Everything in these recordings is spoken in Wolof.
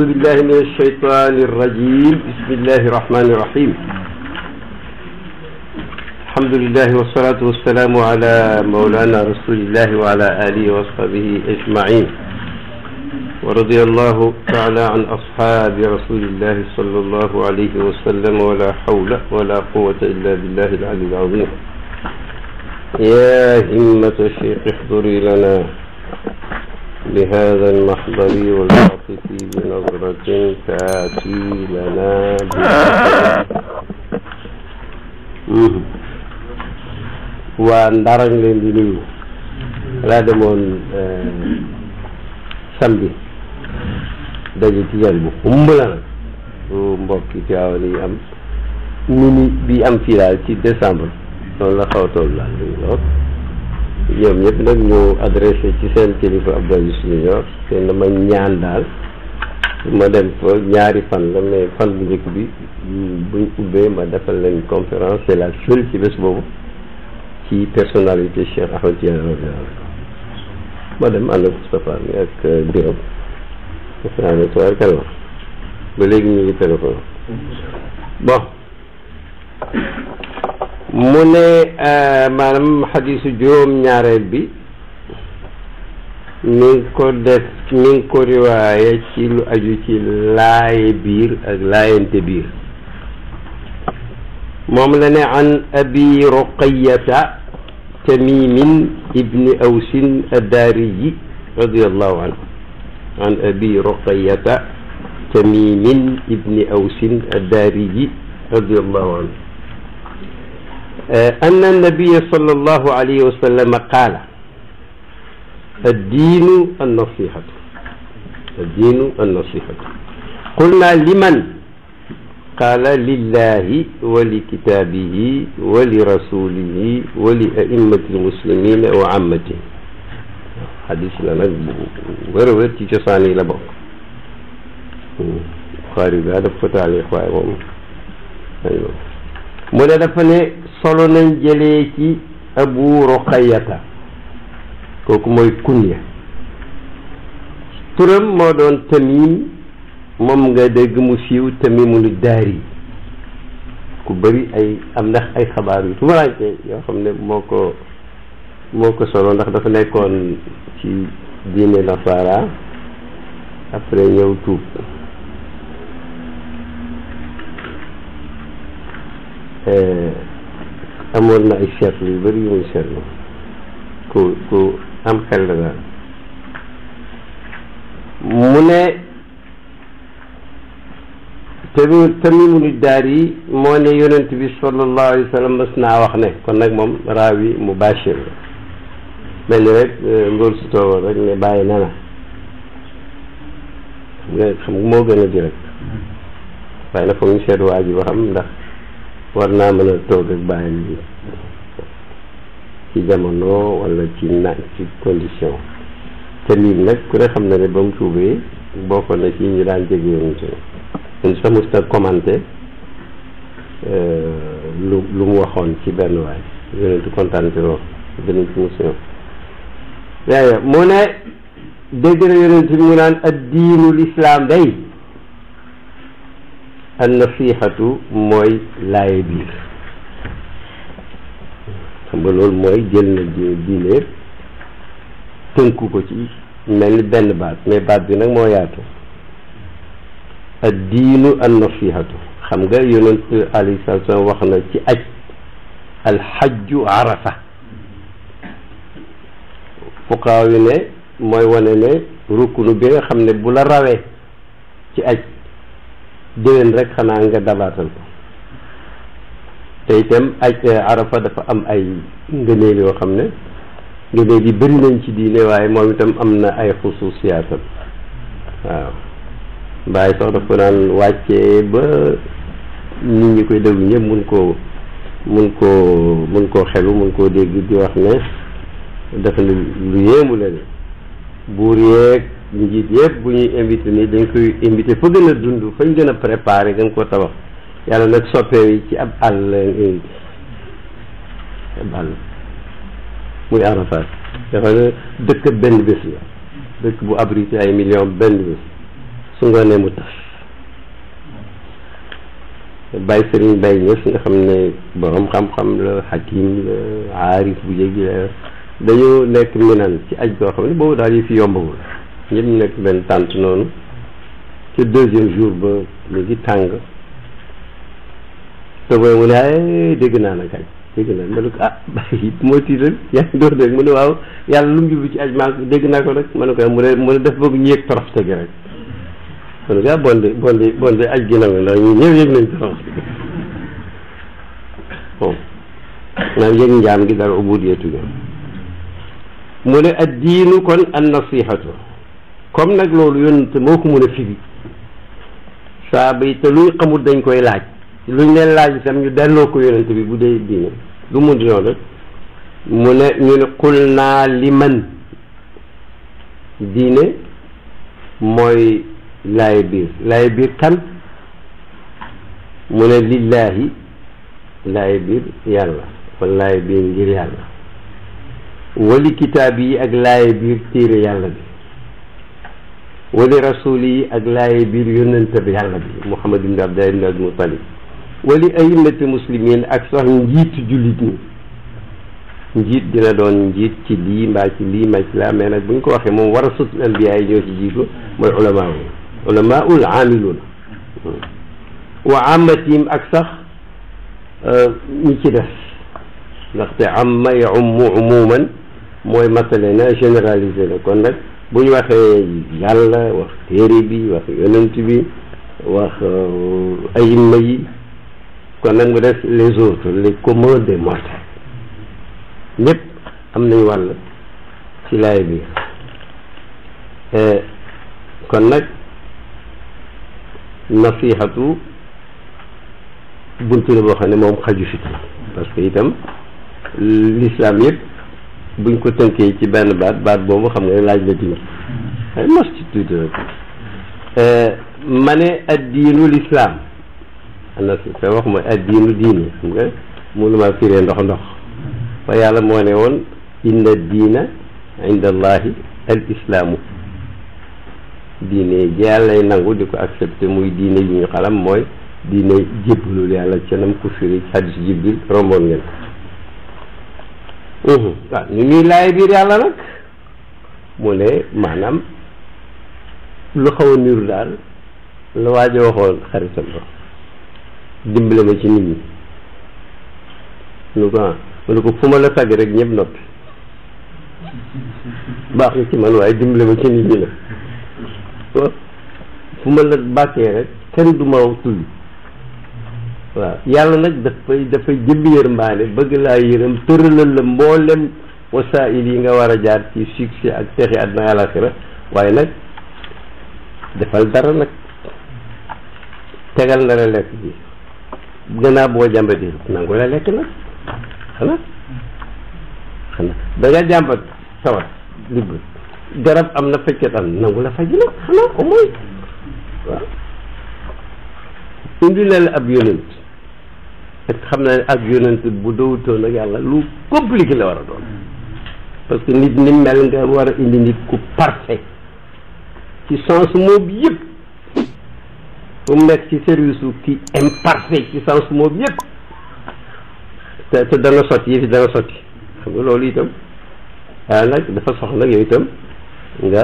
أعوذ بالله من الشيطان الرجيم بسم الله الرحمن الرحيم الحمد لله والصلاة والسلام على مولانا رسول الله وعلى آله وصحبه أجمعين ورضي الله تعالى عن أصحاب رسول الله صلى الله عليه وسلم ولا حول ولا قوة إلا بالله العلي العظيم يا همة الشيخ احضري لنا لهذا المحضر والعاطفة بنظرة تأتي لنا waa ndar ñu leen di nuyu laa demoon samedi daje ci jal bu am mini bi am fii daal ci décembre loolu ñu adressé ci seen kilifa Abdou na ma ñaan ma dem fa ñaari fan la mais fan bu njëkk bi buñ ubbee ma defal leen conférence c'est la seule ci bés boobu ci personnalité Cheikh Ahmed Tidiane ma dem ànd ak Moustapha mi ak euh, Birame ba léegi ñu ngi téléphone bon mu ne euh, maanaam xadiisu juróom ñaareel bi من كودس من كرواية كيلو أجوتي لاي بير أج لاي انتبير عن أبي رقية تميم ابن أوس الداري رضي الله عنه عن أبي رقية تميم ابن أوس الداري رضي الله عنه أن النبي صلى الله عليه وسلم قال الدين النصيحة الدين النصيحة قلنا لمن قال لله ولكتابه ولرسوله ولأئمة المسلمين وعامته حديثنا نقبه ورورت جساني لبق خارج هذا فتاة لإخوائهم أيوه من دفنه صلونا جليكي أبو رقيته kooku mooy kunya turam moo doon tamim moom nga dégg mu siiw tamimul daari ku bari ay am ndax ay xabaar yu tumaraanke yoo xam ne moo ko moo ko solo ndax dafa nekkoon ci diine nasaara après ñëw tuub eh, amoon na ay seetlu yu bari yu muy seetlu ku ku am xel la daal mu ne te tamimul daar yi moo ne yonent bi sallallahu alayhi wa sallam naa wax ne kon nag moom raawi mubashir la mel ni rek euh, ngóor si toogoon rek ne bàyyi na la nga xam moo gën a direct waaye nag foog ñu seet waa ji ba xam ndax war naa mën a toog ak bàyyi na ci jamono walla ci na ci condition te lii nag ku ne xam na ne ba mu tuubee bokkoon na ci ñu daan jege yonent bi sax mos na commenté euh, lu lu mu waxoon ci benn waay yonent kontaan ci lool dinañ ci mos ñëw mu ne dégg na yonent bi mu naan ad diinu lislaam day an nasihatu mooy laaye biir xam nga loolu mooy jël na diine tënku ko ci mel ni benn baat mais baat bi nag moo yaatu ad diinu an nasihatu xam nga yonent alayhi wax na ci aj alxajju arafa fuqaaw yi ne mooy wane ne rukunu bi nga xam ne bu la rawee ci aj déwén rek xanaa nga dabaatal ko te itam aj eh, arafa dafa am ay ngëneel yoo xam ne ngëneel yi bëri nañ ci diine waaye moom itam am na ay xususiyaatam waaw mbaay sax dafa daan wàccee ba nit ñi koy déglu ñëpp mun koo mun koo mun koo xelu mun koo dégg di wax ne dafa ne lu yéemu la ne buur yeeg njiit yëpp bu ñuy invité nii dañ koy invité fa gën a dund fañ gën a préparé gën koo tabax yàlla nag soppee yi ci ab àll leen indi ab àll muy Arafat dafa ne dëkk benn bés la dëkk bu abrité ay million benn bés su nga ne mu tas bàyyi sëriñ bàyyi ñës nga xam ne boroom xam-xam la hakim la aarif bu jéggi la dañoo nekk minan ci aj goo xam ne boobu daal yi fi yombawul ñëpp nekk benn tànt noonu ci deuxième jour ba léegi tàng te mu ne ay ah, eh, dégg naa nag aj dégg naa ma ne ah, mu ne waaw yàlla lu mu jublu ci aj maa dégg naa ko rek ma ne ko ah, mu ne mu def bëgg ñu yëg toroxte gi rek ma ne ko ah bon na nga gi bon naan yëg mu ne ad diinu kon an nasihatu comme nag loolu yonent moo ko mun a firi saa bay te luy xamut dañ koy laaj luñ leen laaj itam ñu delloo ko yonent bi bu dee diine lu mu di noonu rek mu ne ñu ne qul naa liman diine mooy laay biir laay biir kan mu ne lillaahi laay biir yàlla wala laay biir ngir yàlla wali kitaab yi ak laay biir téere yàlla bi wali rasuul yi ak laay biir yonent bi yàlla bi Muhammad ibn Abdallah ibn Abdul Muttalib wali aimati muslimin ak sax njiitu jullit ñi njiit dina doon njiit ci lii mbaa ci lii mbaa ci laa mais nag bu ñu ko waxee moom war a sut anbiya yi ñoo ci jiitu mooy ulama wu ulama ul aamiluun wa amatim ak sax euh, ñi ci des ndaxte amma yaumu umuman mooy masale na généralisé la kon nag bu ñu waxee yàlla wax téere bi wax yonent bi wax euh, ayimma yi kon nag mu des les autres les communs des mortels ñëpp am nañ wàll ci laay bi eh, kon nag nasihatu buntu la boo xam ne moom xaju fit parce que itam l'islam yëpp buñ ko tënkee ci benn baat baat boobu xam nga laaj la diin ay mos ci tuuti rek eh, ma l'islam nag sa wax mooy addiinu diine ndox ndox fa yàlla moo ne woon inna diina inda allahi al islaamu diine ji yàllay nangu di ko accepté muy diine yi xalam mooy diine jébbalul yàlla canam ku firi hadis jibril romboon ngeen ko waaw laay biir yàlla nag mu ne maanaam lu xaw a niru daal la waajo waxoon xaritam ba dimbale ma ci nit ñi lu ko ah ma ne ko fu ma la tàgg rek ñëpp noppi baax na ci man waaye dimbale ma ci nit ñi la fu ma la bàkkee rek kenn du ma waaw yàlla nag dafay dafay jëmbi yërmaane bëgg laa yërëm tëralal la mboolem wasaayil yi nga war a jaar ci succès ak texe àddina àlaxira waaye nag defal dara nag tegal na lekk bi gannaaw boo jàmbatee nangu la lekk nag xanaa xanaa da jàmbat tawat ligg garab am na fajkat am nangu la faj nag xanaa au moins indi na ab yonent te xam naa ne ak yonent bu dowutoon ak yàlla lu compliqué la war a doon parce que nit ni mel nga war a indi nit ku parfait ci sens moom yëpp ba mu nekk ci service u ki imparfait ci sens moom yëpp te te dana sotti yëfi dana sotti xam nga loolu itam waaye nag dafa soxla yow itam nga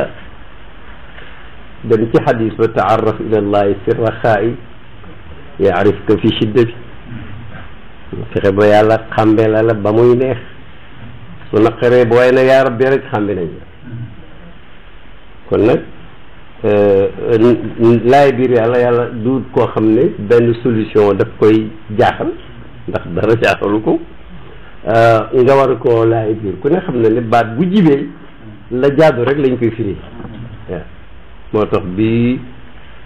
dem ci xadis ba taaraf ila allahi fi raxaa'i yaarifka fi shidda bi fexe ba yàlla xàmbe la la ba muy neex su naqaree booy na yaa rabbi rek xàmbe nañ la kon nag Euh, euh, laay biir yàlla yàlla du koo xam ne benn solution daf koy jaaxal ndax dara jaaxalu ko euh, nga war koo laay biir ku ne xam ne ne baat bu jibee la jaadu rek lañ koy fini waaw moo tax bi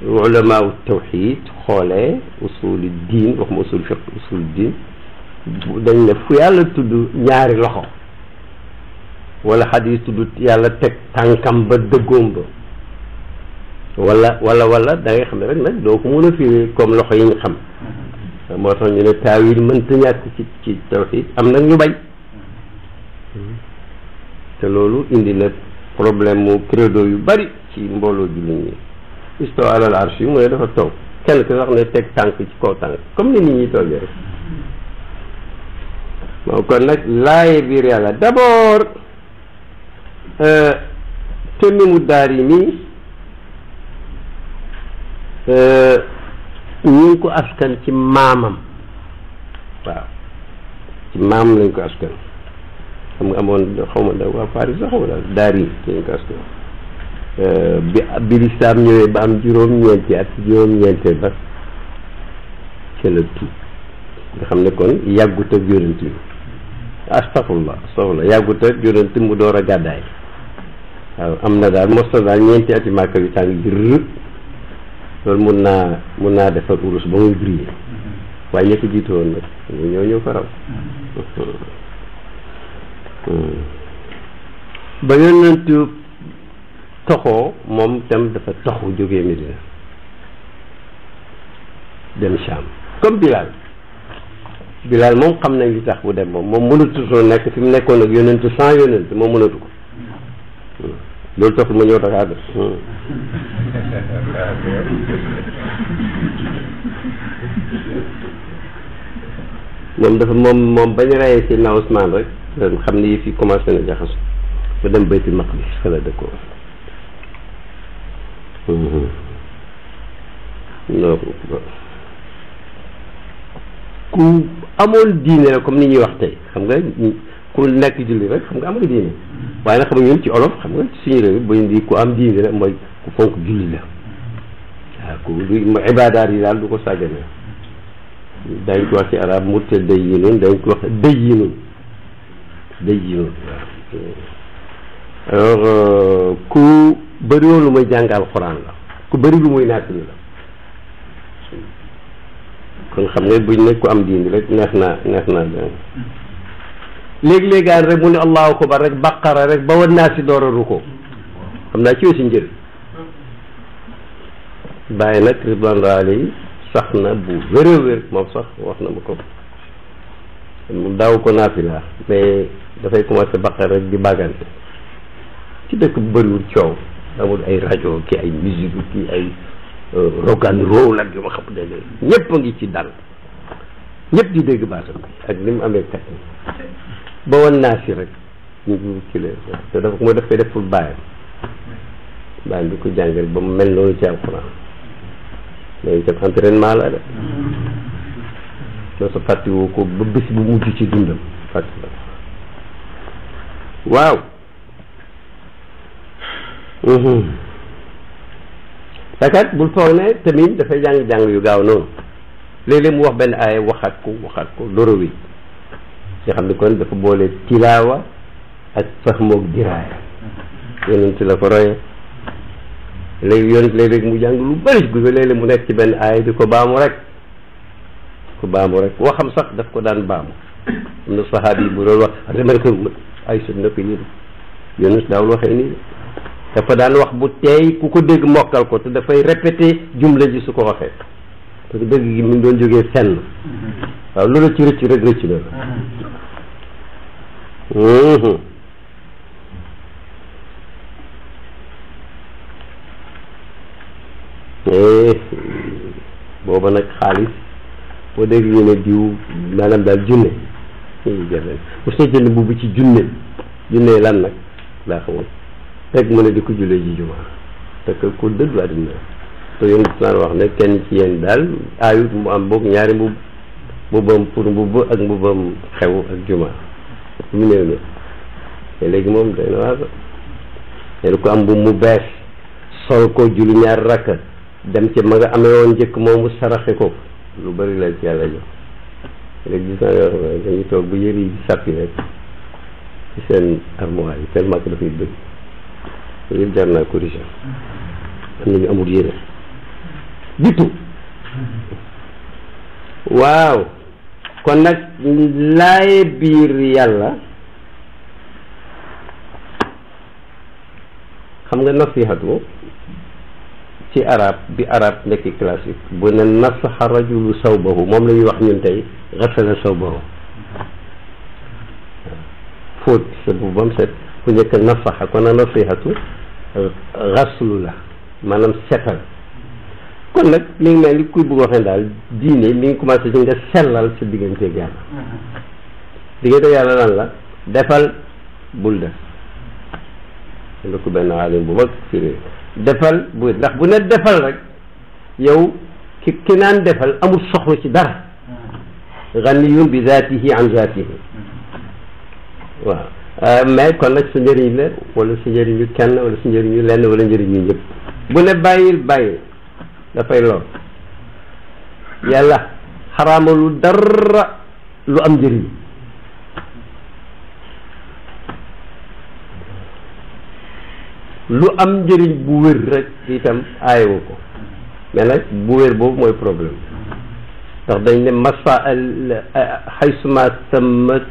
ulamaawu tawxid xoolee usuli diin wax ma usul fiq diin dañ ne fu yàlla tudd ñaari loxo wala xadis tudd yàlla teg tànkam ba dëggoom ba wala wala wala da ngay xam ne rek nag doo ko mën a firi comme loxo yi nga xam moo tax ñu ne taawil mënta ñàkk ci ci tawxiid am nag ñu bañ te loolu indi na problème mu credo yu bari ci mbooloo jullit ñi istawa alal arsh yi mooy dafa toog kenn ki wax ne teg tànk ci kaw comme ni nit ñi toogee rek moom kon nag laaye biir yàlla d'abord euh, te mi mu daar yi nii ñu ngi ko askan ci maamam waaw ci maam lañ ko askan xam nga amoon xaw ma da waa Paris sax xaw ma daal daar yi lañ ko askan bi bi lislaam ñëwee ba am juróom-ñeenti at juróom-ñeenteel ba ca la tuub nga xam ne kon yàggut ak yonent bi astafurlah astafurlah yàggut ak yonent mu door a gàddaay waaw am na daal mos na daal ñeenti ati màkka yu tàng jër loolu mun naa mun naa defar urus ba muy briller mm-hmm. waaye ña ko jiitu woon nag ñoo ñëw faraw mm-hmm. mm. Mm. ba yonentu toxoo moom tam dafa toxu jógee Medina dem Cham comme Bilal Bilal moom xam nañ li tax bu dem moom moom mënatu soo nekk fi mu nekkoon ak yonentu sans yonent moom mënatu ko mm. loolu taxul ma ñëw Dakar de ñoom dafa moom moom bañ rayee si na Ousmane rek xam ni fi commencé na jaxasu ba dem baytul maqdis fa la dëkkoo ku amoon diine la comme ni ñuy wax tey xam nga ku nekk julli rek xam nga am nga waaye nag xam nga ñun ci olof xam nga ci suñu réew bañ di ku am diine rek mooy ku fonk julli la waaw ku ibaadaar yi daal du ko sàggane dañ ko wax ci arab murte dëj yi noonu dañ ko wax dëj yi noonu dëj yi noonu ku bëri woon lu kon xam nga buñ ne ku am diine rek neex naa neex naa léegi-léegaan rek mu ne allahu akbar rek baqara rek ba wan naa si door ko ruko xam naa ci wesi njëriñ bàyyi nag ridwan raali sax na bu wéra wér moom sax wax na ma ko moom daaw ko naafila mais dafay commencé baqara rek di bàggante ci dëkk bu bëriwul coow amul ay rajo ki ay musique ki ay euh, rock and roll ak yu ma xam dégg ñëpp a ngi ci dal ñëpp di dégg baatam bi ak ni mu amee technique ba woon naa si rek ñu ci leen dafa ko def koy def pour bàyyam bàyyam bi ko jàngal ba mu mel noonu ci alxuraan loolu ko ba bis bu mujj ci dundam fàtti la waaw takat mhm. bul foog ne tamit dafay jàng-jàng yu gaaw noonu léeg-léeg mu wax benn aaya waxaat ko waxaat ko doro wi nga xam ne kon dafa boole tilaawa ak fahmoog diraaya yonent la ko roye léegi yonent léeg-léeg mu jàng lu bëri gu ko léeg mu nekk ci benn aay di ko baamu rek ko baamu rek waxam sax daf ko daan baamu am na sahabi yi bu doon wax dama ne ko ay dafa daan wax bu teey ku ko dégg mokkal ko te dafay répété jumla ji su ko waxee parce que dëgg gi mu doon jógee na waaw lu rëcc rëcc rek rëcc la eh, booba nag xaalis boo dégg ñu ne diw maanaam daal junne mu hmm, soo jënd bu bu ci junne junne lan nag laa xamoon rek mu ne di ko jullee ji juma te que ku dëddu àddina te yéen wax ne kenn ci yéen daal aayut mu am boog ñaari mbubb mbubbam pour mbubb ak mbubbam xew ak juma ñu néew ne te léegi moom day na waa ko ko am mbubb mu bees sol ko julli ñaar rakk dem ci ma nga amee woon njëkk moom mu saraxe ko lu bari la ci yàlla jox léegi gis naa yoo xam ne toog bu yëri yi sàppi rek ci seen armoire yi tellement que dafay bëgg yëpp jar naa corriger am nañu amul yére bitu waaw kon nag laaye biir yàlla xam nga nasihatu ci arab bi arab nekk classique bu ne nasaxa rajulu sawbahu moom lañuy wax ñun tey xasala sawbahu fóot sa bu ba ku njëkk nasaxa kon a nasihatu xaslu la maanaam setal kon nag mi ngi mel ni kuy bëgg waxee daal diine mi ngi commencé ci nga sellal sa digganteeg yàlla diggante yàlla lan la defal bul def benn alim bu mag firé defal bu ndax bu ne defal rek yow ki ki naan defal amul soxla ci dara ganiyun bi am an zaatihi waaw euh, may kon nag su njëriñ la wala su njëriñu kenn wala su njëriñu lenn wala njëriñu ñëpp bu ne bàyyil bàyyil نفيلون يلا حرام الدر لو أمجري لو أمجري بوير كيتم آيوكو مانا بوير بو موي بروبلم تغدين مصفى حيثما ثمت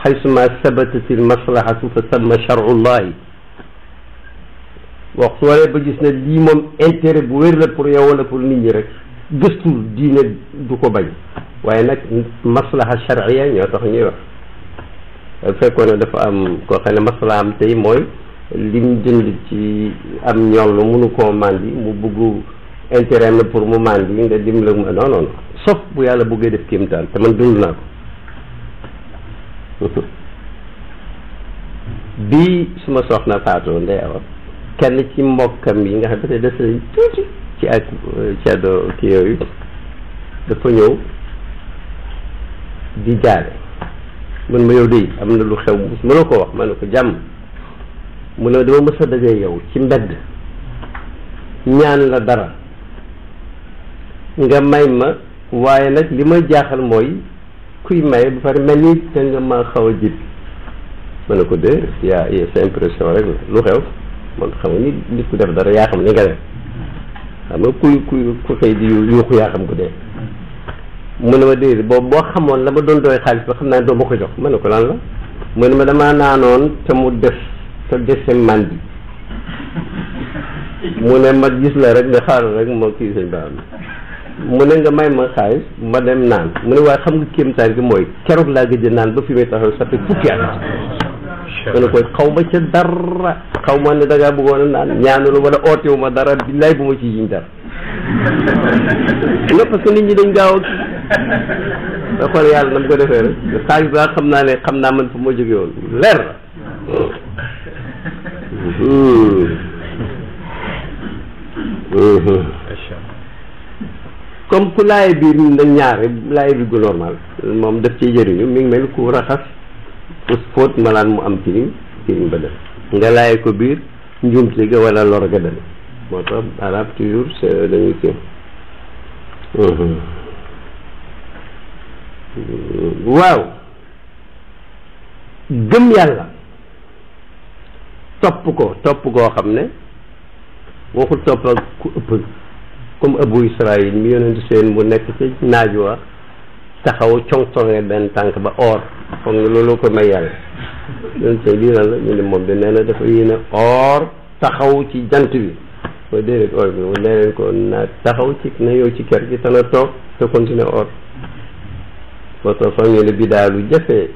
حيثما ثبتت المصلحة فثم شرع الله waxtu waree ba gis ne lii moom intérêt bu wér la pour yow wala pour nit ñi rek gëstul diine du ko bañ waaye nag maslaha charia ñoo tax ñuy wax fekkoon ne dafa am koo xam ne maslahaam tey mooy lim jënd ci am ñoll mënu koo màndi mu bugg intérêt la pour mu màndi nga dim la non non sauf bu yàlla buggee def kéemtaan te man dund naa ko bi suma soxna faatoo ndey awa kenn ci mbokkam yi nga xam ne des nañ tuuti ci ak euh, ceddo kii yooyu dafa ñëw di jaale mën ma yow de am na lu xew mënoo ko wax ma ko jàmm mu ne dama mës a dajee yow ci mbedd ñaan la dara nga may ma waaye nag li may jaaxal mooy kuy may bu pare mel ni da nga ma xaw a jib ma ne ko de yaa c'est impression rek la lu xew man xam nga ni nit ku def dara yaa xam ni nga def xam nga kuy kuy ku xëy di yuuxu yaa xam ku dee mu ne ma déedéet boobu boo xamoon la ma doon doy xaalis ba xam naa doo ba ko jox ma ne ko lan la mu ne ma damaa naanoon te mu def te dese mandi mu ne ma gis la rek nga xaaral rek ma kii sañ baax mu ne nga may ma xaalis ma dem naan mu ne waaye xam nga kéemtaan gi mooy keroog laa gëj naan ba fi may taxaw sa fukki at dana koy xaw ma ca dara xaw ma ne da ngaa bëggoon a naan ñaanalu ma la dara billaay bu ma ci yiñ dara non parce que nit ñi dañ gaaw a xool yàlla na mu ko defee rek saa yu baax xam naa ne xam naa man fu ma jógee woon leer la comme ku laaye normal moom daf ciy jëriñu mi ku raxas fóot malaan mu am ciriñ ciriñ ba dem nga ko biir njuumte ga wala lor dem moo tax arab toujours c'est dañuy kii waaw gëm yàlla topp ko topp koo xam ne waxul topp ak ku ëpp comme abu israil mi yonentu seen mu nekk ci naaj wa taxaw coŋ-coŋe benn tànk ba or xam nga loolu ko may yàlla ñun seen lii lan la ñu ne moom de nee na dafa yéene or taxaw ci jant bi mooy déedéet or bi mu nee na taxaw ci na yow ci kër gi te na toog te continuer or parce que famille bi daal lu jafee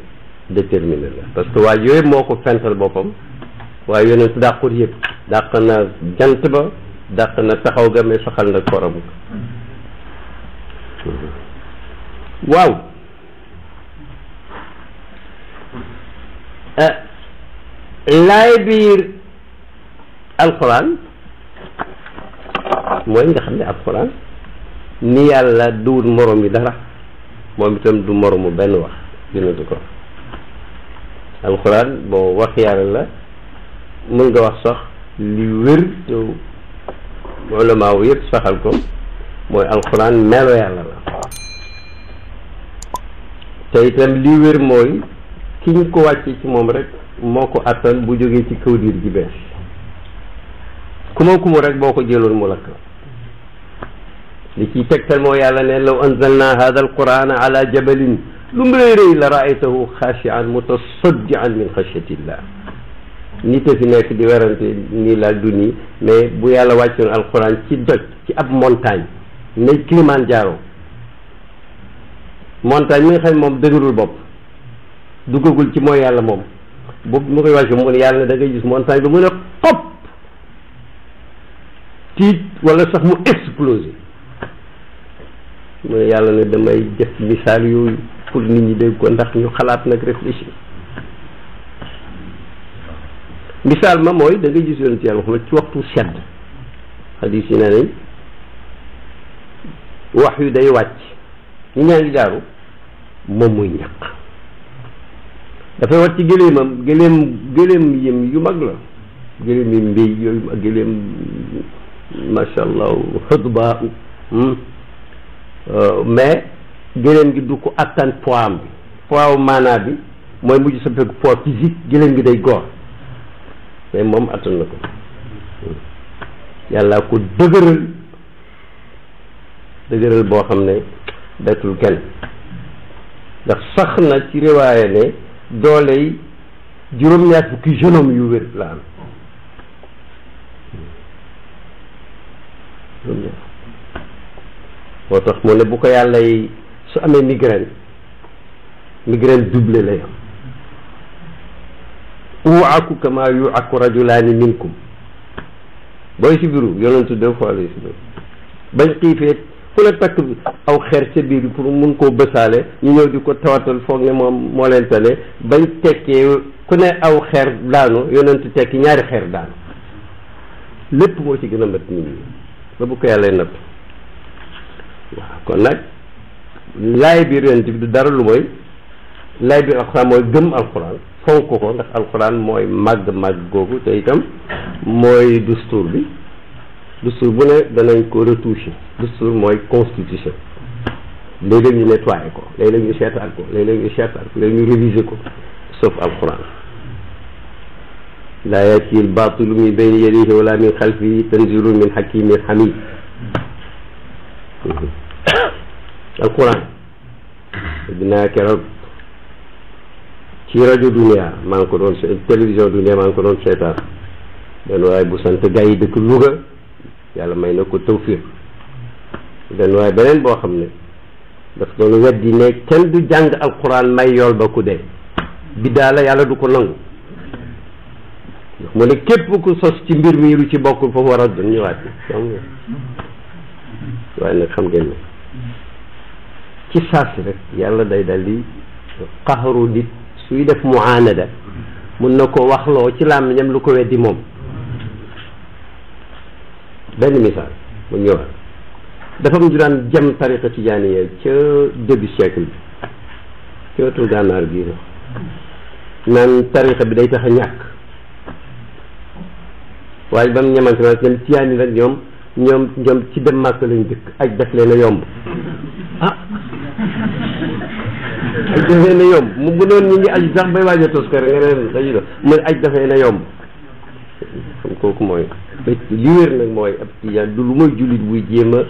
déterminé la parce que waaye yooyu moo ko fental boppam waaye yonent dàqut yépp dàq na jant ba dàq na taxaw ga mais saxal na koram waaw Euh, laay biir alquran mooy nga xam ne alquran ni yàlla du morom bi dara moom itam du moromu benn wax gënatu ko alquran boo wax yàlla la mën nga wax sax li wér te ulamaa wu yëpp saxal ko mooy alquran melo yàlla la te itam li wér mooy ki ñu ko wàccee ci moom rek moo ko attan bu jógee ci kaw diir ji bees ku ma ku boo ko jëloon mu lakk li ciy tegtal moo yàlla ne law anzalna hada alqurana ala jabalin lu mu rëy rëy la raaytahu xaashian mutasaddian min xashatillah nit a fi nekk di werante nii laa du mais bu yàlla wàccoon alquran ci doj ci ab montagne nay Kilimanjaro montagne mi nga xam moom dëgërul bopp duggagul ci moo yàlla moom boobu mu koy wàcce mu yàlla ne da ngay gis montagne ba mu ne xob tiit wala sax mu explosé mu yàlla na damay def misaal yooyu pour nit ñi dégg ko ndax ñu xalaat nag réfléchir misaal ma mooy dangay ngay gis yonent yàlla wax ci waxtu sedd xadis yi nee wax yu day wàcc ñu ñaan li daaru moom muy ñàkk dafay wat ci gëléemam gëléem gëléem yim yu mag la gëléem yi mbiy yooyu gëléem macha allah xëtba hmm? euh, mais gëléem gi du ko attan poids am bi poids maanaa bi mooy mujj sa fekk poids physique gëléem gi day góor mais moom attan na ko yàlla ko dëgëral dëgëral boo xam ne bettul kenn ndax sax na ci riwaaya ne doole yi juróom-ñaar fukki genome yu wér la am moo tax mu ne bu ko yàlla yi su amee migraine migraine doublé lay am uuaku kama yuaku rajulaani minkum booy si biru yonentu deux fois lay si biru bañ xiifee fu la takk aw xeer ca biir bi pour mun koo bësaale ñu ñëw di ko tawatal foog ne moom moo leen tane bañ tekkee ku ne aw xeer daanu yonent tekki ñaari xeer daanu lépp moo ci gën a mat nit ñi ba bu ko yàlla natt waaw kon nag laay biir yonent du dara lu mooy laay biir alxuraan mooy gëm alxuraan fonk ko ndax alxuraan mooy màgg màgg googu te itam mooy dustuur bi discours bu ne danañ ko retouché discours mooy constitution léeg-léeg ñu nettoyé ko léeg-léeg ñu seetaan ko léeg-léeg ñu seetaan ko léeg-léeg ñu révisé ko sauf alquran laa yati l batilu min bayni yadihi wala min xalfihi tanzilu min hakimin hamid alquran dinaa keroog ci rajo dunia maa ngi ko doon télévision dunia maa ngi ko doon seetaan benn waaye bu sant gars yi dëkk Louga yàlla may na ko tawfiq den waaye beneen boo xam ne daf doon weddi ne kenn du jàng alquran may yool ba ku biddaa la yàlla du ko nangu mu ne képp ku sos ci mbir mi lu ci bokkul foofu war a doon ñëwaat waaye nag xam ngeen ne ci saasi rek yàlla day dal di nit suy def muanada mun na ko loo ci làmmiñam lu ko weddi moom benn misaal mu dafa am ñu daan jëm tariqa tijaaniya ca début siècle bi ci wetu gànnaar gii na naan tariqa bi day tax a ñàkk waaye ba mu ñamante ma ñoom tijaan yi nag ñoom ñoom ñoom ci dem màkk lañu dëkk aj daf leen a yomb ah aj daf leen yomb mu bu doon ñu ngi aj sax bay waaj a tos ko rek nga ne leen yomb kooku mooy li wér nag mooy ab tijaan du lu mooy jullit buy jéem a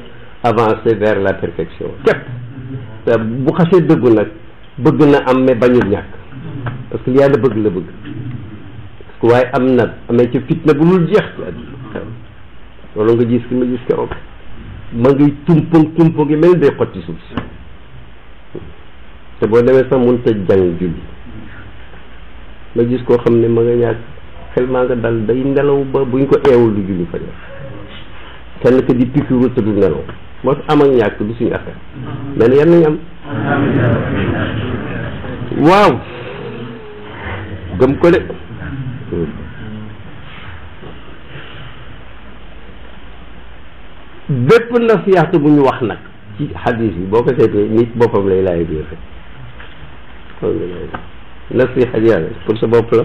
avancer vers la perfection képp te bu xasee dëggu nag bëgg na am mais bañul ñàkk parce que li yàlla bëgg la bëgg parce que waaye am na amee ci fitna bu dul jeex ci àddina loolu nga gis ki ma gis keroog ma ngi tumpang tumpang yi mel ni day xotti suuf si te boo demee sax mënut a jàng julli ma gis koo xam ne ma nga ñàkk tellement que dal day nelaw ba buñ ko eewul du julli fa def kenn que di pikiru te du nelaw moo am ak ñàkk du suñu affaire benn yan nañ am waaw gëm ko de bépp nasiyaat bu ñu wax nag ci xadis bi boo ko seetee nit boppam lay laay biir rek nasiyaat yàlla pour sa bopp la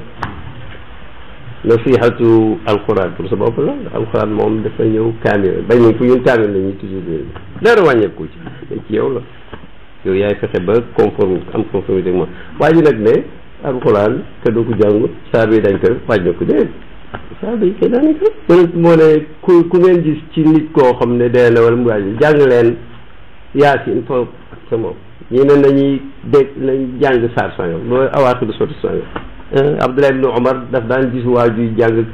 nasihatu alquran pour sa bopp la alquran moom dafa ñëw kaamil bañ nañ ko ñun kaamil la ñuy toujours di dara wàññeeku ci ci yow la yow yaay fexe ba conforme am conformité moom waa ji nag ne alquran te doo ko jàng saa bi dañ ko wàññi na ko déedéet saa bi kay daanaka moo ne ku ku ngeen gis ci nit koo xam ne dee na wala mu wàññi jàng leen yaasin toog sa moom ñu nañuy dégg nañ jàng saar sangam loolu awaaxiru sotti sangam Euh, Abdullah ibn Omar daf daan gis waa juy jàng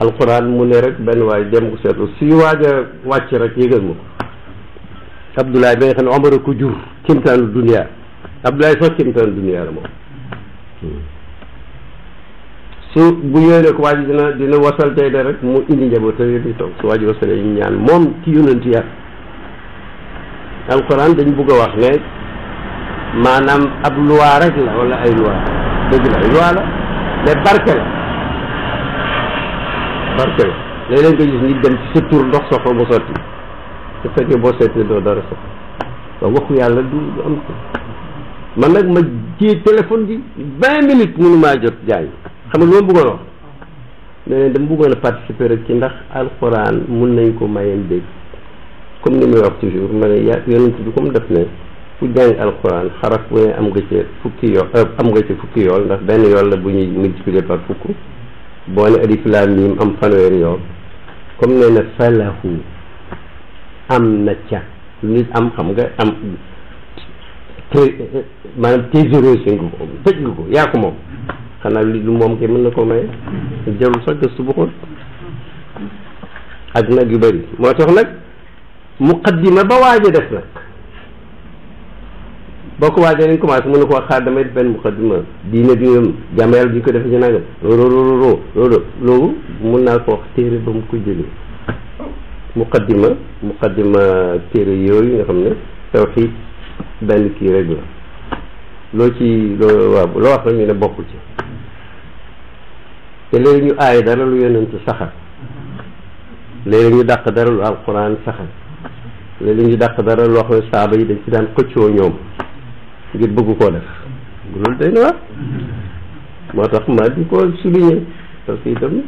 alquran mu ne rek benn waay dem ko seetlu si waaj wàcc rek yëgal ma ko Abdullah bi nga xam ne Omar a ko jur kimtaanu duniya Abdullah sax kimtaanu duniya la moom hmm. su bu ñëwee ne ko waa ji dina dina wasal tey de rek mu indi njaboot di toog su waa ji wasalee ñu ñaan moom ki yonent ya alquran dañ bugg a wax ne maanaam ab loi rek la ay loi dëgg la loi la mais barke la barke la léeg-léeg nga gis nit dem ci sa tur ndox soxla mu sotti su fekkee boo seetee doo dara soxla waaw waxu yàlla du am ko man nag ma ji téléphone bi vingt minutes mënu jot jaay xam nga loolu bëggoon wax ne leen dama bëggoon a participer rek ci ndax alxuraan mun nañ ko mayeen dégg comme ni muy wax toujours ma ne yonent bi comme def ne فجاني القرآن خرج من أمغتة فكية أمغتة فكية ولا بني ولا بني مجبلة بفكو بني أليف لاميم أم فنوريو كم من فله أم نجا نيت أم كم غا أم ما تيزوري سينغو تيزوري يا كم خنا لدي مم كم نكمة جلو سك سبكون أجنبي بري ما تقولك مقدمة بواجه دفنك bokk waa waajee nañ commencé mën na ko wax xaar damay def benn muqaddima diine bi ngam jàmm yàlla bi ñu ko defee ci nangam loolu loolu mun naa koo wax téere ba mu ko jëlee muqaddima muqaddima téere yooyu nga xam ne tawxiid benn kii rek la loo ci loo waaw loo wax rek ñu ne bokku ci te léegi ñu aay dara lu yonent saxal léegi ñu dàq dara lu alquran saxal léegi ñu dàq dara loo xam ne saaba yi dañ ci daan xëccoo ñoom ngir bëgg koo def loolu day na moo tax ma di ko souligner parce que itam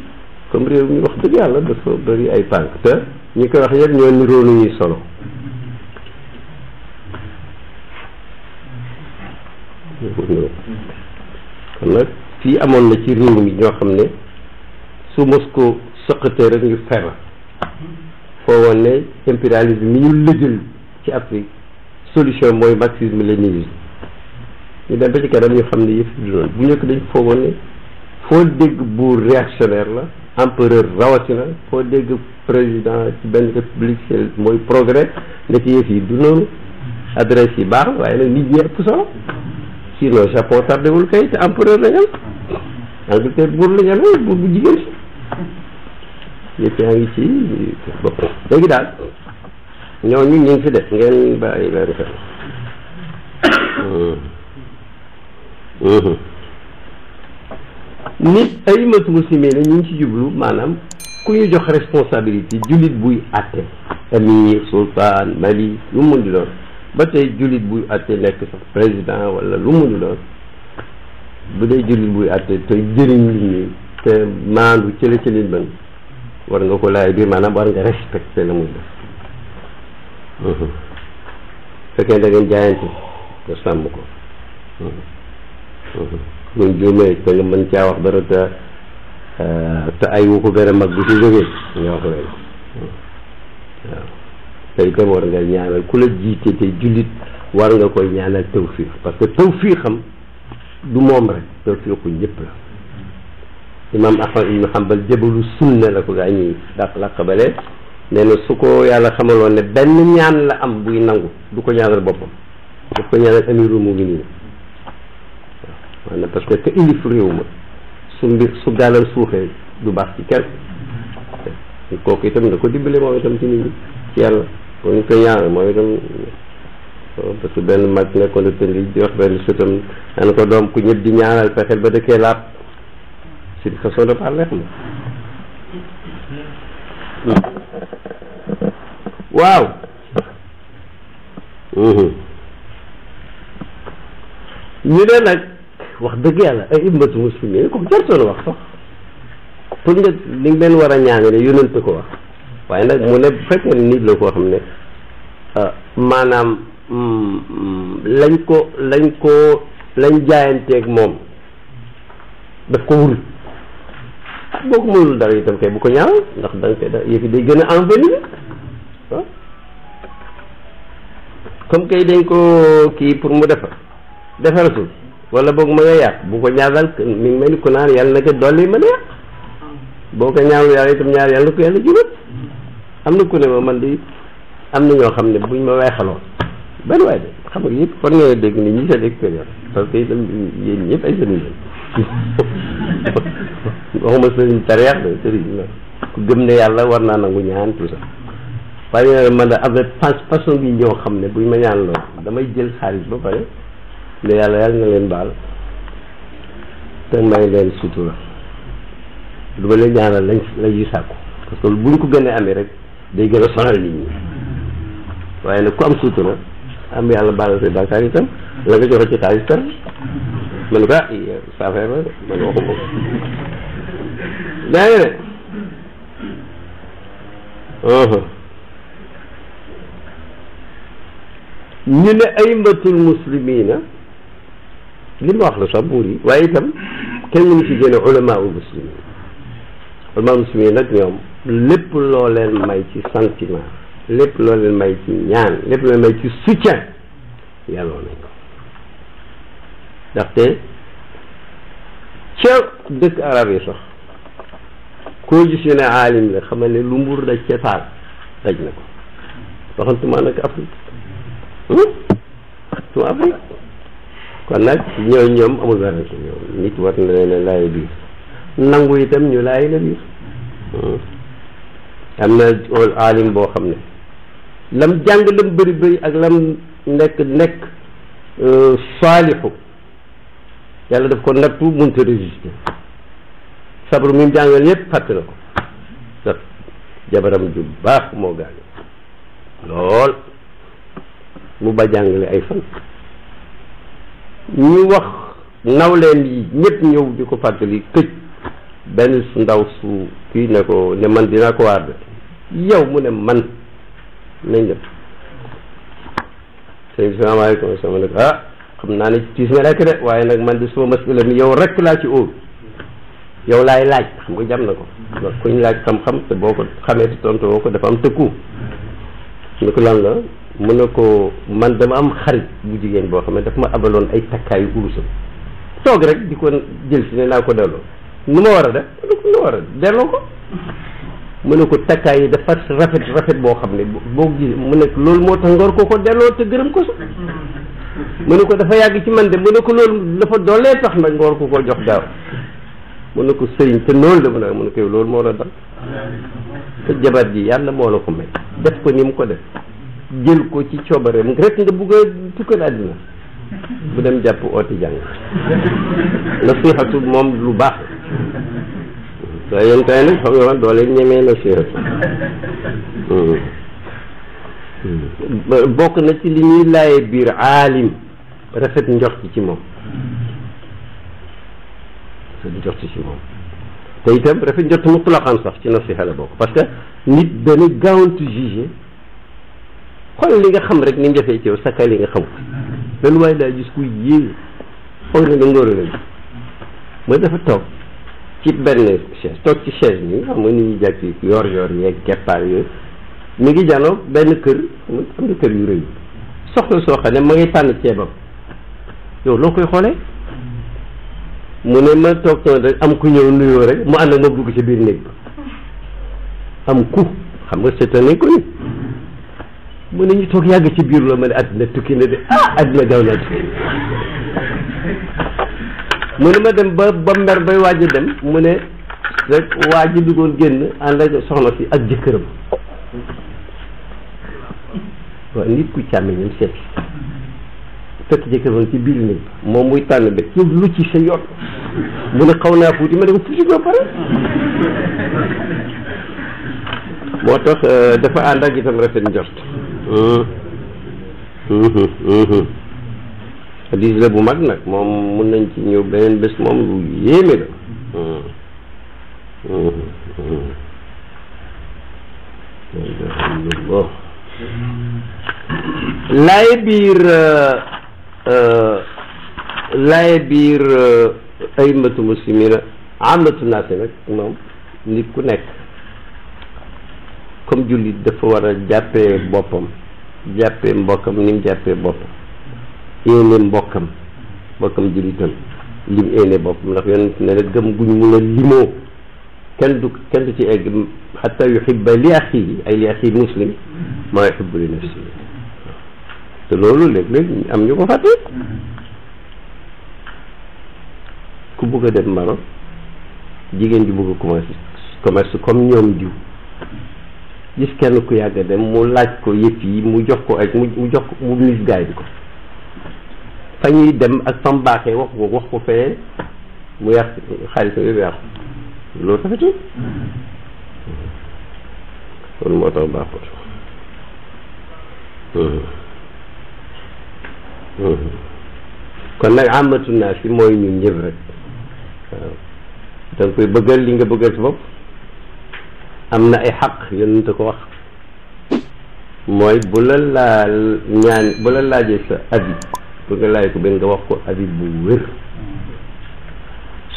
comme réew mi wax dëgg yàlla dafa bëri ay pànk te ñi ko wax yëpp ñoo niroo nu ñuy solo kon nag fii amoon na ci réew mi ñoo xam ne su mos ko sëqatee rek ñu fer foo woon ne impérialisme mi ñu lëjël ci Afrique solution mooy marxisme léninisme ñu dem ba ci kanam ñu xam ne yëf du doon bu njëkk dañu foogoon ne foo dégg buur réactionnaire la empereur rawatina foo dégg président ci benn république mooy progrès nekk yëf yi du noonu adresse yi baax waaye nag nit ñi ëpp solo sinon Japon tardewul kay te empereur la ñam Angleterre buur la ñam buur bu jigéen si yëpp yaa ngi ci bopp léegi daal ñooñu ñu ngi fi def ngeen bàyyi leen xel hmm. nit ay matu muslimee na ñu ci jublu maanaam ku ñu jox responsabilité jullit buy àtte amir sultaan mali lu mu di doon ba tey jullit buy àtte nekk sax président wala lu mu di doon bu dee jullit buy àtte te jëriñ nit ñi te maandu cële cële ban war nga ko laay biir maanaam war nga respecté la muy def fekkee da jaayante nga sàmm ko buñ juumee te mën caa wax dara te euh, te ay wu ko gën a mag bu ci jógee nga wax leen ku la jiite te jullit war nga koy ñaanal tawfiix parce que tawfiix xam du moom rek tawfiixu ñëpp la imam ahmad ibnu hambal jëbalu sunna la ko gaa ñuy dàq làqbale nee na su ko yàlla xamaloon ne benn ñaan la am buy nangu du ko ñaanal boppam daf ko ñaanal amirul muminin maanaam parce que te ilif réew ma su mbir su gaalal suuxee du baax ci kenn kooku itam nga ko dimbale moom itam ci nit ñi ci yàlla kon ñu koy ñaanal moom itam parce benn mag nekkoon na tënk di wax benn sëtam daan ko doom ku ñëpp di ñaanal fexeel ba dëkkee laab c'est façon de parler ma waaw ñu ne nag wax deug yalla ay immatu muslimin ko solo wax sax pour nga li nga wara war yonent ko wax waye nak mu ne bu ni nit la koo xam ah, manam mm, lañ ko lañ ko lañ jaayante ak mom daf ko wul ah boo dara itam kay bu ko ñaan ndax dang fay da yefi day gëna en venir ah. comme kay dañ ko ki pour mu defal defal suuf wala boog ma nga yàq bu ko ñaanal mi ngi mel ni ku naan yàlla na ko dolli mën a yàq boo ko ñaanul yàlla itam ñaar yàlla na ko yàlla jubal am na ku ne ma man di am na ñoo xam ne buñ ma weexaloon benn waay de xam nga yëpp kon ngay dégg ni ñi seen expérience parce que itam yéen ñëpp ay sëriñ la waxuma sëriñ tareex de sëriñ la ku gëm ne yàlla war naa nangu ñaan tout ça waaye man da avec pas passion bi ñëw xam ne buñ ma ñaan lool damay jël xaalis ba pare le yàlla yàlla na leen baal te may leen sutura lu ma leen ñaanal lañ lañuy sàkku parce que buñ ko gën a amee rek day gën a sonal nit ñi waaye nag ku am sutura am yàlla baal say bàkkaar itam la nga joxe ci xaalis tam man ah, ko ah saa fay ma man waxu ko daa ngi ñu ne ay mbatul li ma wax la sax buur yi waaye itam kenn mënu ci génne ulama u muslimin ulama muslimin nag ñoom lépp loo leen may ci sentiment lépp loo leen may ci ñaan lépp loo may ci soutien yàlloo nañ ndaxte ca dëkk arab yi sax koo gis yu ne aalim la xamal ne lu mbur daj ca taal daj na ko waxantuma nag Afrique hmm? waxantuma Afrique kon nag ñooñu ñoom amul benn ci ñoom nit war na laay biir nangu itam ñu laay la biir hmm. am na aalim boo xam ne lam jàng lam bëri bari ak lam nekk nekk euh, saalixu yàlla daf ko nattu mënta résister sabru mi mu jàngal yépp fàtte na ko sax jabaram ju baax moo gaañu lool mu ba jàngale ay fan ñu wax nawleen yi ñëpp ñëw di ko fàttali tëj benn su ndaw su kii ne ko ne man dinaa ko waar de yow mu ne man nañ dem sëñ bi salaamaaleykum ko ah xam naa ne tiis nga nekk de waaye nag man di suma masula mi yow rekk laa ci óolu yow laay laaj xam nga jam na ko kuñ laaj xam-xam te boo ko xamee te tontu ko dafa am tëkku ni ko lan la mu na ko man dama am xarit bu jigéen boo xam ne daf ma abaloon ay takkaayu urusam toog rek di ko jël si ne naa ko delloo nu ma war a def nu war ko mu ne ko takkaay yi dafa rafet rafet boo xam ne boo gis mu ne loolu moo tax ngor ko delloo te gërëm ko su mu ne ko dafa yàgg ci man de mu ne ko loolu dafa doolee tax nag ngor ko ko jox daaw mu na ko sëriñ te loolu la mu ne mu ne ko loolu moo la dal te jabar ji yàlla moo la ko may def ko ni mu ko def jël ko ci coobareem rek nga bugg a tukkal bu dem jàpp ooti jàng nasiixatu moom lu baax la soo yem tay nag xam nga doole ñemee nasiixatu bokk na ci li ñuy laaye biir aalim rafet njort ci moom rafet njort ci moom te itam rafet njort mutlaqan sax ci nasiixa la bokk parce nit dana gaawantu jugé xool li nga xam rek ni mu jafee ci yow li nga xam benn waaye laa gis kuy yéeg foog na ngóor la mooy dafa toog ci benn chaise toog ci chaise bi xam nga ni mi ngi janoo benn kër am na kër yu rëy soxla soo xam ne ma ngay tànn ceebam yow loo koy xoolee mu ne ma toog noonu rek am ku ñëw nuyoo rek mu ànd ma dugg ci biir néeg am ku xam nga seetal nañ ko ni mu ne ñu toog yàgg ci biir la ma ne àddina tukki na de ah àddina daw na tukki mu ne ma dem ba ba mer bay waaj dem mu ne rek waa duggoon génn ànd ak soxna si ak jëkkëram waaw nit ku càmmiñam seet fekk jëkkëram ci biir néeg moom muy tànn be yow lu ci sa yoon mu ne xaw naa fuuti ma ne ko fuuti ba pare moo tax euh, dafa ànd ak itam rafet njort hadis la bu mag nag moom mun nañ ci ñëw beneen bés moom lu yéeme la alhamdulillah laay biir euh, euh, laay biir euh, aymatu muslimina amatu naasi nag moom nit ku nekk comme jullit dafa war a jàppee boppam jàppee mbokkam ni mu jàppee boppam yéene mbokkam mbokkam jullitam lim yéene boppam ndax yonent ne la gëm guñ mun a limoo kenn du kenn du ci egg xatta ba li axiihi ay li axiihi muslim maa yuhibbu li nafsi te loolu léeg-léeg am ñu ko fàtte ku bëgg a dem Maroc jigéen ji bëgg a commencé commerce comme ñoom diw gis kenn ku yàgg dem mu laaj ko yëf yi mu jox ko ak mu jox ko mu mis gaay bi ko fa ñuy dem ak fam baaxee wax ko wax ko fee mu yàq xaalis yooyu yàqu loolu rafetul loolu moo tax baaxut kon nag àmmatu naa si mooy ñun ñëpp rek waaw da nga koy bëggal li nga bëggal si bopp am na ay xaq yonent ko wax mooy bu la laa ñaan bu la laajee sa avis bu nga laaj ko benn nga wax ko avis bu wér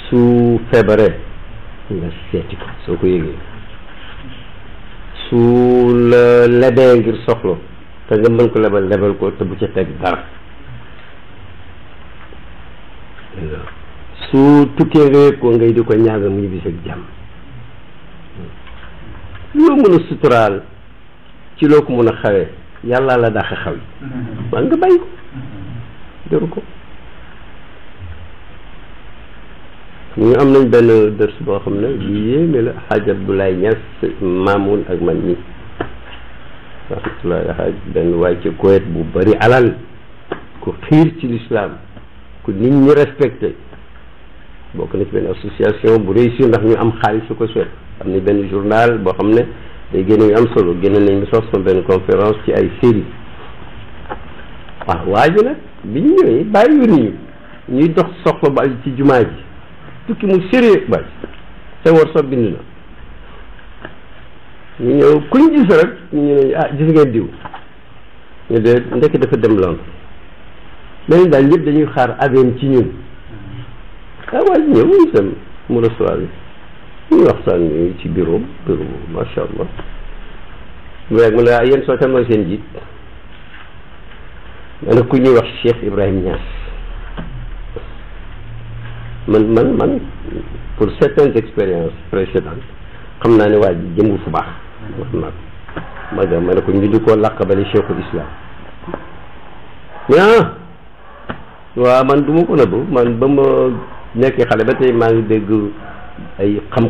su feebaree nga seeti ko soo ko yëgee su la lebee ngir soxla te nga mën ko lebal lebal ko te bu ci teg dara su tukkee ko ngay di ko ñaaga mu ñibbisi ak jàmm loo mën a suturaal ci loo ko mën a xawee yàlla la dàq xaw yi mm-hmm. nga bàyyi ko mm-hmm. jëru ko ñu ngi am nañ benn dërs boo xam ne bu yéeme la xaaj Abdoulaye Niass Mamoun ak man ñi rahmatullahi xaaj benn waay ci Koweït bu bari alal ku xiir ci lislaam ku nit ñi respecté bokk na ci benn association bu réussir ndax ñu am xaalis su ko souhaite am na benn journal boo xam ne day génne yu am solo génne nañ mi sax sama benn conférence ci ay série waaw waa ji bi ñu ñëwee bàyyi ñu ñuy dox soxla ba ci jumaa ji tukki mu sérieux ba sa bind na ñu ñëw kuñ gis rek ñu ne ah gis ngeen diw ñu de ndekk dafa dem Londres beneen daal ñëpp dañuy xaar avion ci ñun xawaaj ñëw ñu dem mu restaurant bi ñu waxtaan ñu ci bureau bureau macha allah mu rek soo kan mooy seen jiit ma ku ñuy wax Cheikh Ibrahim Niass man man man pour certaines expériences précédentes xam naa ne waa ji jëmul fu baax wax ko ma dem ma ne ko ñu di ko làqabale Cheikhul Islam mais ah man du ma ko nëbb man ba ma nekkee xale ba maa ngi dégg ay xam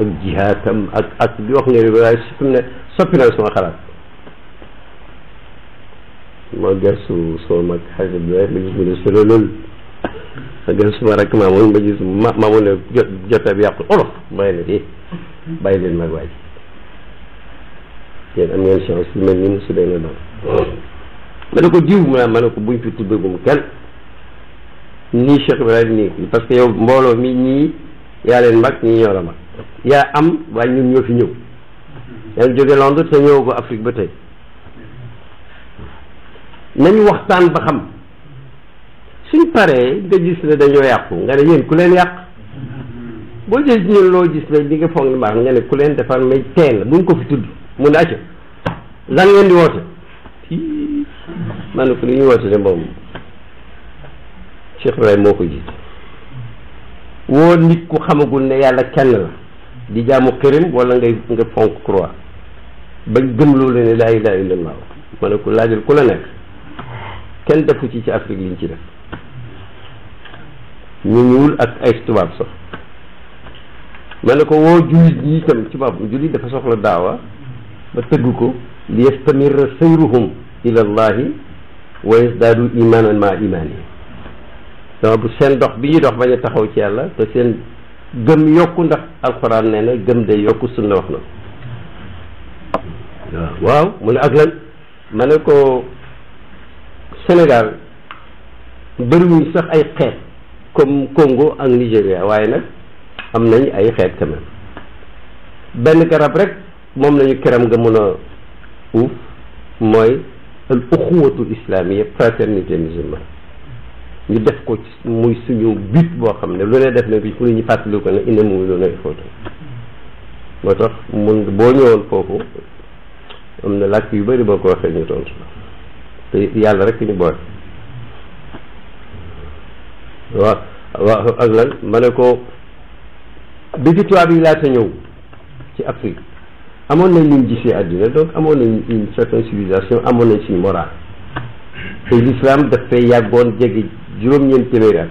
ak jihaatam ak ak di wax nga ne waaye su ne soppi xalaat ma gëstu soo mag xaj ma gis mu ne solo ma gëstu ma rek maamoon ma gis ma ne jot bi yàqu olof bàyyi leen bàyyi leen mag waay yéen am ngeen chance lu mel su dee na doon ma ne ko jiw mu ne ma ne ko buñ fi tuddagum kenn nii Cheikh Ibrahima nii parce que yow mbooloo mi ñii yaa leen mag ñii ñoo la mag yaa am waaye ñun ñoo fi ñëw yaa ngi jóge Londres te ñëw ko Afrique ba tey nañu waxtaan ba xam suñ paree nga gis ne dañoo yàqu nga ne yéen ku leen yàq boo jël ñun loo gis ne li nga foog ne baax nga ne ku leen defar may teen buñ ko fi tudd mu ne acca lan ngeen di woote man ne ko li ñuy woote de moom Cheikh Ibrahima moo ko jiite woo nit ku xamagul ne yàlla kenn la di jaamu këram wala ngay nga fonk croix ba gëm loolu ne laa ilaha illallah ma ne ko laajal ku la nekk kenn defu ci ci Afrique liñ ci def ñu ñuul ak ay tubaab sax ma ne ko woo jullit yi itam ci baab jullit dafa soxla daawa ba tëgg ko li yastamirra sayruhum ila allahi wa yasdaadu imanan ma imaani dama bu seen dox bi ñuy dox bañ a taxaw ci yàlla te seen gëm yokku ndax alxuraan nee na gëm day yokku sunna wax na waaw waaw mu ne ak lan ma ne ko Sénégal bëriwuñ sax ay xeet comme Congo ak Nigéria waaye nag am nañ ay xeet quand benn garab rek moom lañu këram nga mën a uuf mooy al uxuwatul islamiyya fraternité musulmane ñu def ko ci muy suñu bit boo xam ne lu ne def na bi fu ne ñu fàttali ko ne indi mu lu ne foofu moo mun boo ñëwoon foofu am na làkk yu bëri boo ko waxee ñu tontu te yàlla rek ñu boole waaw waaw ak lan ma ne ko bi ci tubaab yi laata ñëw ci Afrique amoon nañ ñu gisee àddina donc amoon nañ une certaine civilisation amoon nañ suñu moral te l'islam daf jege juróom-ñeent téeméeri at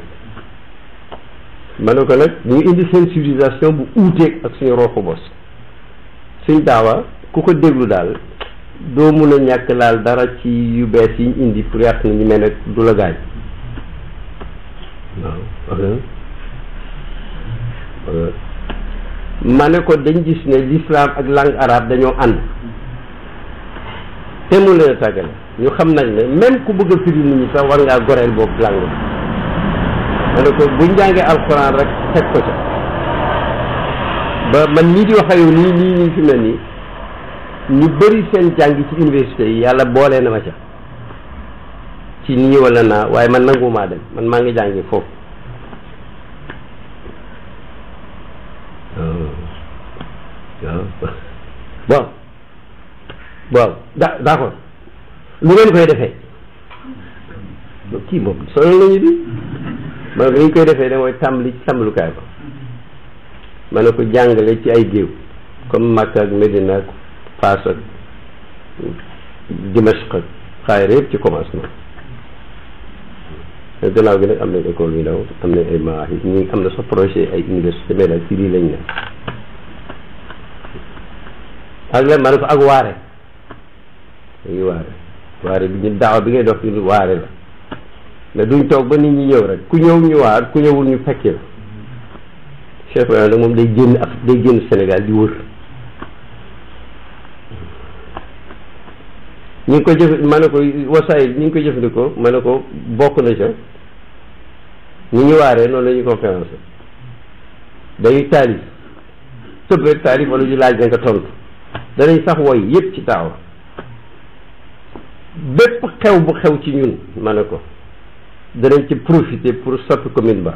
ma ne ko nag ñu indi seen civilisation bu uuteeg ak suñu roxo bos suñ daawa ku ko déglu daal doo mun a ñàkk laal dara ci yu bees yi ñu indi pour yàq na ñu ne du la gaañ waaw ne ko dañ gis ne l'islam ak langue arabe dañoo ànd te mu leen a tàggale ñu xam nañ ne même ku bëgg a firi nit ñi sax war ngaa goreel boobu langue bi ma ko buñ jàngee alquran rek teg ko ca ba man nii di wax ak yow nii nii nii fi mel nii ñu bëri seen jàng ci université yi yàlla boolee na ma ca ci nii wala naa waaye man nangumaa dem man maa ngi jàngi foofu waaw ah. ah. bon bon d' accord lu ngeen koy defee kii moom sonal nañu di ma ne ñu koy defee da mooy tàmbali tàmbalukaay ba ma ne ko jàngale ci ay géew comme Makka ak Medina ak Faas ak Dimashq ci commencement te gannaaw gi nag am na école yu ndaw am nañ ay maahis ñu am na sa projet ay université mais ci lii lañ ne ak la ma ne ko ak waare dañuy waare waare bi ñu daaw bi ngay dox ci waare la ne duñ toog ba nit ñi ñëw rek ku ñëw ñu waar ku ñëwul ñu fekkee la Cheikh Ibrahima nag moom day génn af day génn Sénégal ñu ngi ko jëf ma ne ko wasaay ñu ngi ko jëfandikoo ma ne ko bokk na ca ñu ñu waare noonu la ñuy conférence dañuy taalif tëb rek taalif wala ñu laaj da nga tontu danañ sax woy yëpp ci taaw bépp xew bu xew ci ñun ma ne ko danañ ci profiter pour soppi commune ba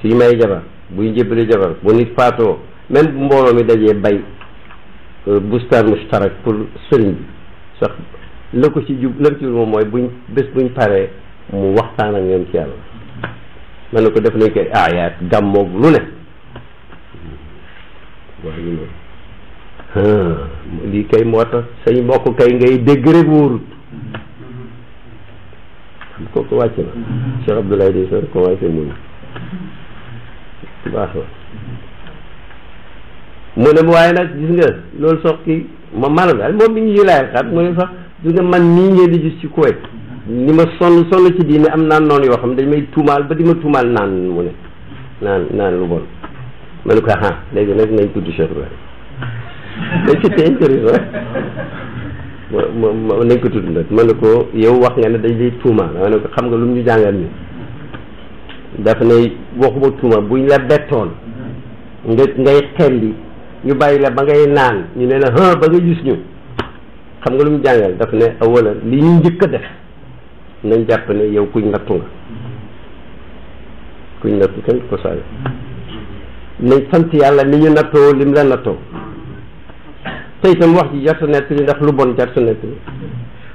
suñu may jabar buy njëbbali jabar bu nit faatoo même bu mbooloo mi dajee bay euh, bustaan mustarak pour sëriñ bi sax la ko ci jub la ci moom mooy buñ bés buñ paree mu waxtaan ak ñoom ci yàlla ko def nañ koy aayaat gàmmoog lu ne waaye lii kay moo tax sañ mbokk kay ngay dégg rek wóorut wàcc na Cheikh Abdoulaye di sor commencé muñ baax la mu ne waaye na gis nga loolu so ki ma malal moom mi ngi layal xat mu ne man nii ngeen di gis ci Kuwait ni ma son sonn ci diine am na noonu yoo xam dañ may tuumaal ba di ma tuumaal naan mu ne naan naan lu bon ma ne ko ah léegi nag ma na ko ma ne ko yow wax nga ne dañ lay tuuma ma ne ko xam nga lu ñu jàngal ñu daf ne waxuma tuuma buñ la bettoon nga ngay xelli ñu bàyyi la ba ngay naan ñu ne la ba nga gis ñu xam nga lu mu jàngal daf ne awala li ñu njëkk a def nañ jàpp ne yow kuñ nattu nga kuñ nattu kenn ko saaga nañ sant yàlla ni ñu nattoo lim la nattoo te itam wax ji jarta nett li ndax lu bon jarta nett li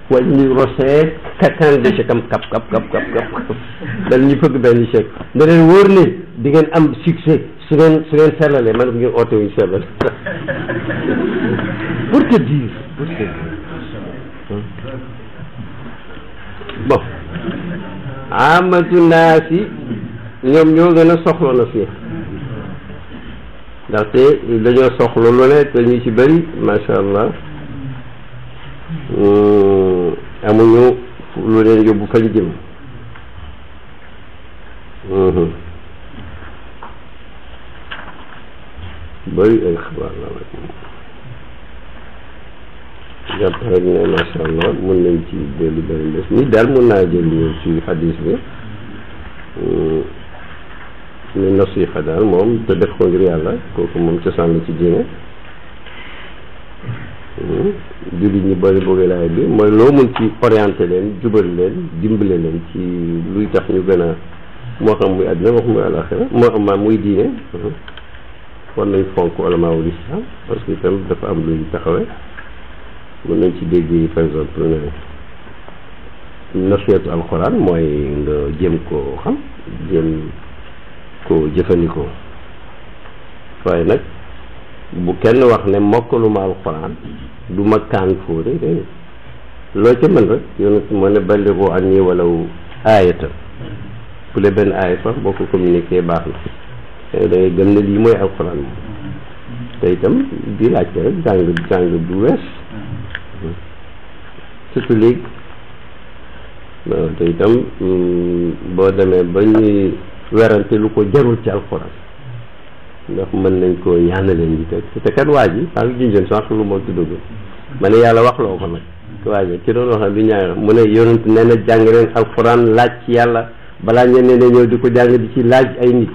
waaye ñu rosin kakaan de chekam kap kap kap kap kap dal fëgg benn chek da leen wóor ne di ngeen am succès su ngeen su ngeen sellalee man ko ngeen oote wuñ sellale pour te dire pour hmm. bon amatu ñoom ñoo gën a soxla na ndaxte dañoo soxla lu ne te ñu ci bëri macha allah amuñu lu leen yóbbu fañ jëm bëri ay xabaar la rek jàpp rek ne macha allah mun nañ ci dellu benn bés ni daal mun naa jël ci hadis bi li nasiixa daal moom te def ko ngir yàlla kooku moom cosaan la ci diine hmm. jullit ñi bëri bëgg laay leen jubal leen dimbale leen ci luy tax ñu gën a moo xam muy àddina moo xam muy àllaaxira moo xam maam muy diine hmm. war nañ fonk ulamaawu lislaam parce que itam dafa am luy taxawe mën nañ ci déggee par exemple ne nasiihatu alxuraan mooy nga jéem koo xam jéem koo jëfandikoo waaye nag bu kenn wax ne mokkaluma alxuraan du ma kaan fóore déedéet loo ca mën rek yonent moo ne balligu anni walaw aayata bu le benn aaya sax boo ko communiqué baax na da ngay gëm ne lii mooy alxuraan moom te itam di laajte rek jàng jàng du wees surtout léegi te itam mm, boo demee ba ñuy werante lu ko jarul ci alxuraan ndax mën nañ koo ñaanale nit te kat waa ji maa ngi junjoon sànq lu ma tuddagul ma na yàlla wax loo ko nag waa ji ci doon waxam bi ñaar mu ne yonent nee na jàng leen alxuraan laaj ci yàlla balaa ñeneen ne ñëw di ko jàng di ci laaj ay nit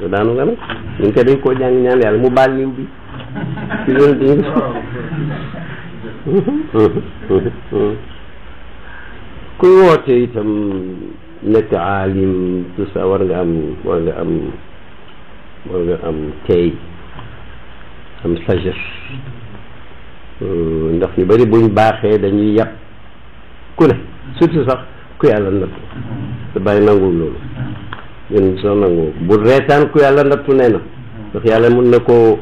ko daanu nga nag ko dañ koo jàng ñaan yàlla mu baal niw bi ci kuy wootee itam nekk aalim tout ça war nga am war nga am tey am sagesse euh, ndax ñu bari buñ baaxee dañuy yàpp ku ne surtout sax ku yàlla nattu te bàyyi nanguwul loolu yéen sax nangu bu reetaan ku yàlla nattu nee na ndax yàlla mun na koo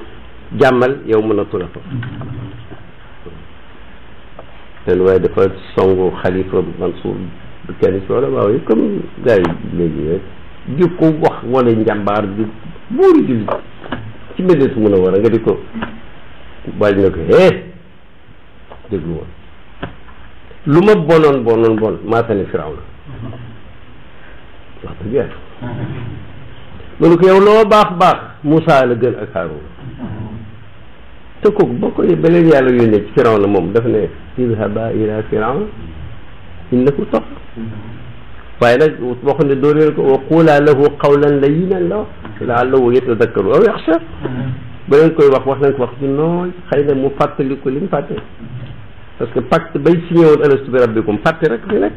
jàmmal yow mun a tula ko ten dafa songu xalifa Mansour kenn ci wala waaw yi comme gars yi léegi rek di ko wax wala njàmbaar di buuri julli ci médina su mun a war a nga di ko bàyyi na ko hee déglu woon lu ma bonoon bonoon bon maa firaw na wax dëgg yàlla loolu ko yow loo baax baax Moussa la gën ak Haroun te kooku boo ko beleen yàlla yónnee ci firaw na moom dafa ne idhaba ila firaw na إنه صح فعلاج وطبخ الدور وقول له قولا لينا لا لعله يتذكر أو يخشى بلن كوي وقف وقف وقف نوي خلينا مفتل لكل فاتح بس كفاكت بيسمي وان أنا استبير ربكم فاترك فينك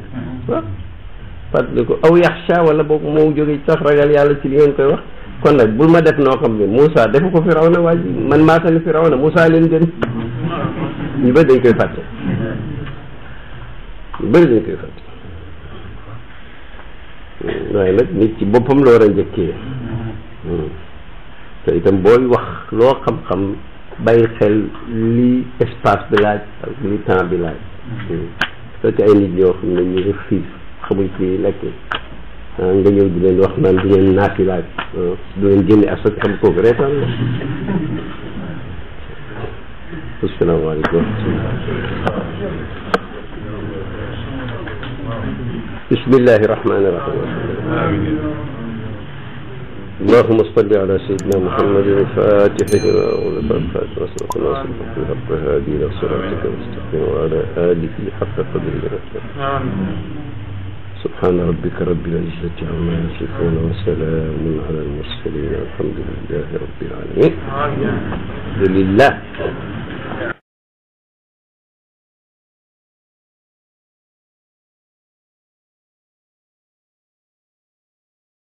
فاتل لكم أو يخشى ولا بوك موجو يتخ رجالي على سليون كوي وقف كون لك بل ما دف نوكم بي موسى دفكو فرعون واجي من ما سن فرعون موسى لندن يبدأ يكوي فاتح bëri dañ koy fàtte mm. waaye nag nit ci boppam la war a njëkkee mm. te itam booy wax loo xam-xam bàyyi xel li espace bi laaj ak li temps bi laaj mm. fekk ay nit ñoo xam ne ñu ngi fiis xamuñ ci nekk ah, nga ñëw di leen wax naan di leen naati laaj ah, du leen génne asaka xam kooku reetaan la asalaamaaleykum بسم الله الرحمن الرحيم آمين اللهم صل على سيدنا محمد الفاتح لما أغلق الفاتح وصدق الله الحق هادي هذه صراطك المستقيم وعلى آله حق قدره سبحان ربك رب العزة عما يصفون وسلام على المرسلين الحمد لله رب العالمين الحمد لله